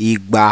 igba